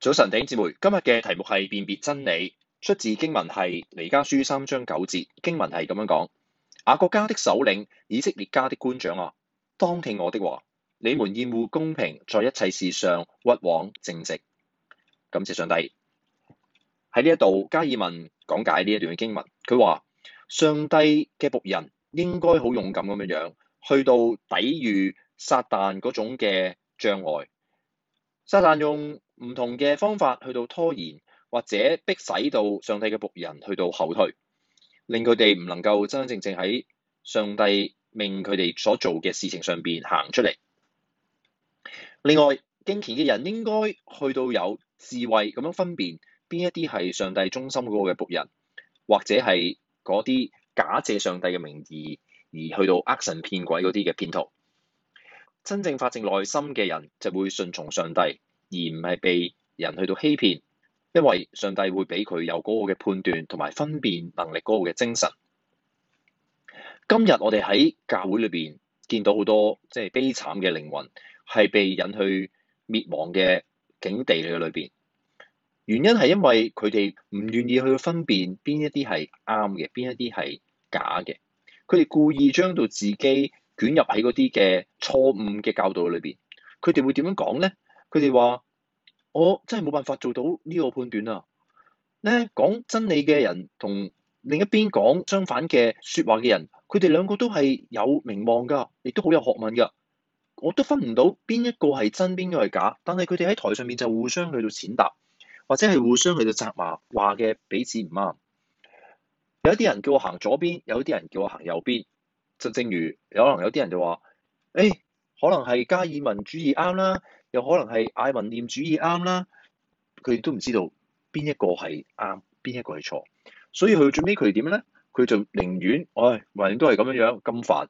早晨，弟兄姊妹，今日嘅題目係辨別真理，出自經文係彌迦書三章九節，經文係咁樣講：雅各家的首領、以色列家的官長啊，當聽我的話，你們厭惡公平，在一切事上屈枉正直。感謝上帝。喺呢一度，加爾文講解呢一段嘅經文，佢話上帝嘅僕人應該好勇敢咁樣樣，去到抵禦撒旦嗰種嘅障礙。撒旦用唔同嘅方法去到拖延，或者逼使到上帝嘅僕人去到後退，令佢哋唔能夠真真正正喺上帝命佢哋所做嘅事情上邊行出嚟。另外，敬虔嘅人應該去到有智慧咁樣分辨邊一啲係上帝忠心嗰個嘅僕人，或者係嗰啲假借上帝嘅名義而去到呃神騙鬼嗰啲嘅騙徒。真正發自內心嘅人就會順從上帝。而唔係被人去到欺騙，因為上帝會俾佢有嗰個嘅判斷同埋分辨能力嗰個嘅精神。今日我哋喺教會裏邊見到好多即係悲慘嘅靈魂，係被引去滅亡嘅境地嘅裏邊。原因係因為佢哋唔願意去分辨邊一啲係啱嘅，邊一啲係假嘅。佢哋故意將到自己捲入喺嗰啲嘅錯誤嘅教導裏邊。佢哋會點樣講呢？佢哋話：我真係冇辦法做到呢個判斷啊！咧講真理嘅人同另一邊講相反嘅説話嘅人，佢哋兩個都係有名望㗎，亦都好有學問㗎。我都分唔到邊一個係真，邊個係假。但係佢哋喺台上面就互相去到踐踏，或者係互相去到責罵，話嘅彼此唔啱。有一啲人叫我行左邊，有啲人叫我行右邊。就正如有可能有啲人就話：誒、欸，可能係加爾文主義啱啦。有可能係艾雲念主義啱啦，佢都唔知道邊一個係啱，邊一個係錯，所以佢最尾佢點咧？佢就寧願，唉、哎，橫掂都係咁樣樣咁煩，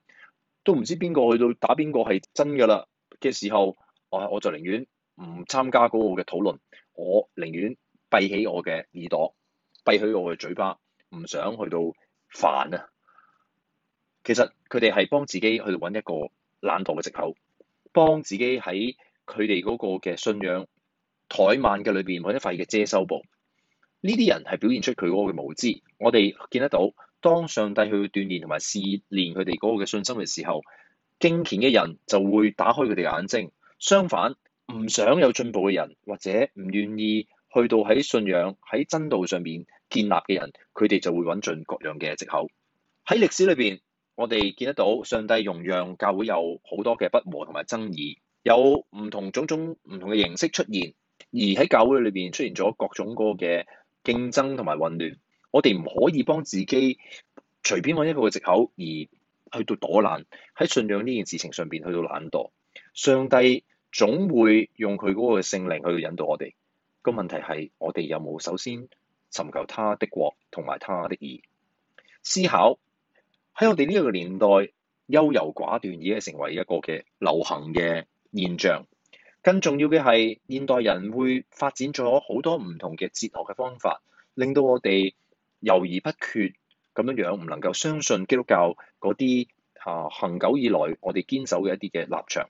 都唔知邊個去到打邊個係真㗎啦嘅時候，我我就寧願唔參加嗰個嘅討論，我寧願閉起我嘅耳朵，閉起我嘅嘴巴，唔想去到煩啊。其實佢哋係幫自己去到揾一個懶惰嘅藉口，幫自己喺佢哋嗰個嘅信仰怠慢嘅裏邊，或者發現嘅遮羞布，呢啲人係表現出佢嗰個嘅無知。我哋見得到，當上帝去鍛煉同埋試煉佢哋嗰個嘅信心嘅時候，敬虔嘅人就會打開佢哋嘅眼睛。相反，唔想有進步嘅人，或者唔願意去到喺信仰喺真道上面建立嘅人，佢哋就會揾盡各樣嘅借口。喺歷史裏邊，我哋見得到上帝容讓教會有好多嘅不和同埋爭議。有唔同種種唔同嘅形式出現，而喺教會裏邊出現咗各種嗰個嘅競爭同埋混亂。我哋唔可以幫自己隨便揾一個嘅借口而去到躲懶，喺信仰呢件事情上邊去到懶惰。上帝總會用佢嗰個聖靈去到引導我哋。個問題係我哋有冇首先尋求他的國同埋他的義？思考喺我哋呢個年代，優柔寡斷已經成為一個嘅流行嘅現象，更重要嘅係現代人會發展咗好多唔同嘅哲學嘅方法，令到我哋猶豫不決咁樣樣，唔能夠相信基督教嗰啲啊恆久以來我哋堅守嘅一啲嘅立場，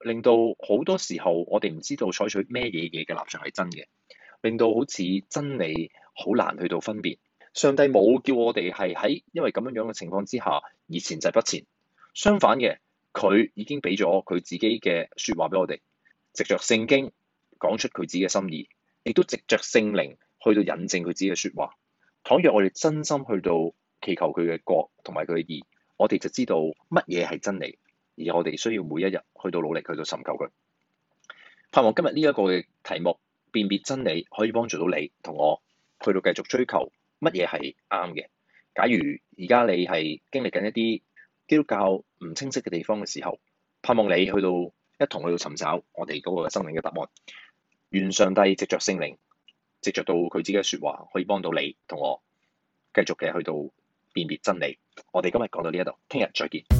令到好多時候我哋唔知道採取咩嘢嘢嘅立場係真嘅，令到好似真理好難去到分別。上帝冇叫我哋係喺因為咁樣樣嘅情況之下而前就係不前，相反嘅。佢已經俾咗佢自己嘅説話俾我哋，藉着聖經講出佢自己嘅心意，亦都藉着聖靈去到引證佢自己嘅説話。倘若我哋真心去到祈求佢嘅國同埋佢嘅義，我哋就知道乜嘢係真理，而我哋需要每一日去到努力去到尋求佢。盼望今日呢一個嘅題目辨別真理，可以幫助到你同我去到繼續追求乜嘢係啱嘅。假如而家你係經歷緊一啲基督教唔清晰嘅地方嘅時候，盼望你去到一同去到尋找我哋嗰個生命嘅答案。願上帝藉着聖靈，藉着到佢自己嘅説話，可以幫到你同我繼續嘅去到辨別真理。我哋今日講到呢一度，聽日再見。